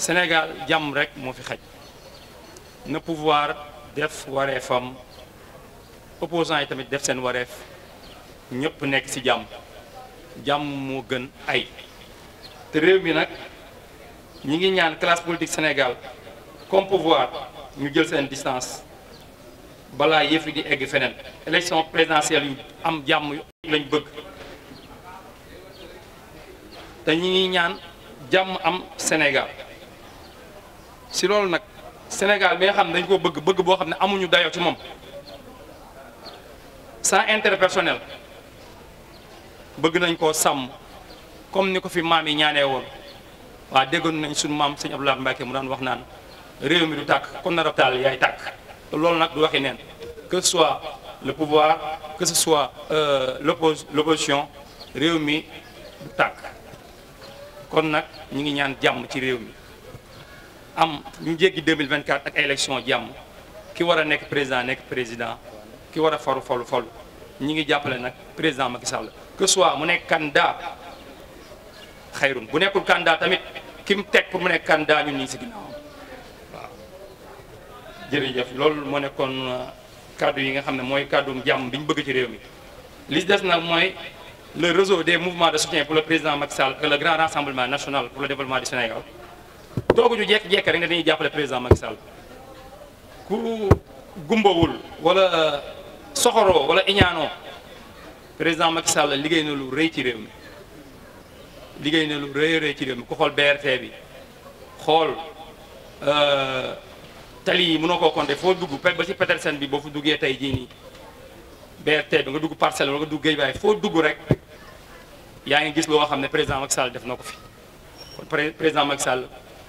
Sénégal jàmm rek mo fi xaj ne pouvoir def wareefam opposant yi tamit def sen wareef ñepp nekk ci jàmm jàmm mo gën ay té réew mi nak ñi ngi ñaan classe politique Sénégal comme pouvoir ñu jël sen distance bala yef di egg fenen élection présidentielle yu am jàmm lañ bëgg té ñi ngi ñaan jàmm am Sénégal si loolu nag Sénégal bi nga xam ne dañ ko bëgg bëgg boo xam ne amuñu dayoo ci moom sans intérêt personnel bëgg nañ koo sàmm comme ni ko fi maam yi ñaanee woon waa déggoon nañ suñu maam sëñ Abdoulaye Mbacke mu daan wax naan réew mi du tàkk kon na rabtaal yaay tàkk loolu nag du waxi neen que ce soit le pouvoir que ce soit euh, l'opposition réew mi du tàkk kon nag ñu ngi ñaan jàmm ci réew mi am ñu jéggi 2024 ak élection jàmm ki war a nekk président nekk président ki war a faru falu falu ñu ngi jàppale nag président Macky Sall que soit mu nekk candidat xayrun bu nekkul candidat tamit ki mu teg pour mu nekk candidat ñun ñu ngi si ginnaawam waaw jërëjëf loolu moo nekkoon euh, kàddu yi nga xam ne mooy kàddum jàmm bi ñu bëgg ci réew mi li des nag mooy le réseau des mouvements de soutien pour le président Macky Sall et grand rassemblement national pour le développement dooguñu jekk-jekk rek nga dañuy jàppale président Macky Sall ku gumbawul wala euh, soxoro wala iñaanoo président Macky Sall liggéey na lu rëy ci réew mi liggéey na lu rëy rëy ci réew mi ku xool BRT bi xool euh, tali yi mënoo koo compter foo dugg ba ci Petersen bi boo fu duggee tey jii nii BRT bi nga dugg parcelle wala nga dugg Guédiawaye foo dugg rek yaa ngi gis loo xam ne président Macky Sall def na ko fi kon président Macky Sall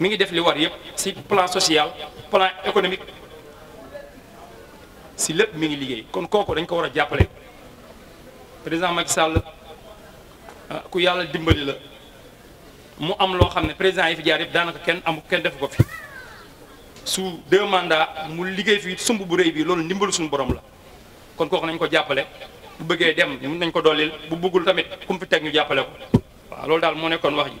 mi ngi def li war yëpp si plan social plan économique si lépp mi ngi liggéey kon kooku dañ ko war a jàppale président Macky Sall ah, ku yàlla dimbali la mu am loo xam ne président yi fi jaar yëpp daanaka kenn amu kenn defu ko fi su deux mandats mu liggéey fii sumb bu réy bi loolu ndimbalu suñu borom la kon kooku nañ ko jàppale bu bëggee dem mun nañ ko dollil bu bëggul tamit kum fi teg ñu jàppale ko waaw loolu daal moo nekkoon wax ji.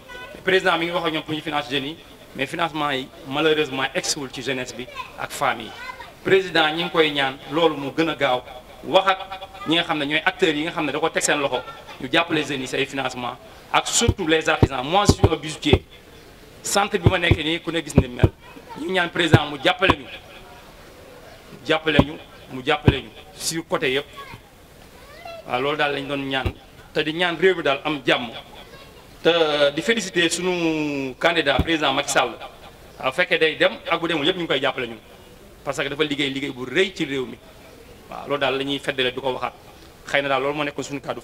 président mi ngi wax ak ñoom pour ñu finance jeunes yi mais financement yi malheureusement eggsiwul ci jeunesse bi ak famille président ñi ngi koy ñaan loolu mu gën a gaaw wax ak ñi nga xam ne ñooy acteurs yi nga xam ne da ko teg seen loxo ñu jàppale jeunes yi say financement ak surtout les artisans moi je suis un bijoutier centre bi ma nekk nii ku ne gis ni mel ñu ñaan président mu jàppale ñu jàppale ñu mu jàppale ñu sur côté yëpp waaw loolu daal lañ doon ñaan te di ñaan réew mi daal am jàmm te di féliciter sunu candidat président Macky Sall fekkee day dem ak bu demul yëpp ñu ngi koy jàppale ñun parce que dafa liggéey liggéey bu rëy ci réew mi waaw loolu daal la ñuy feddale du ko waxaat xëy na daal loolu moo nekk suñu kàddu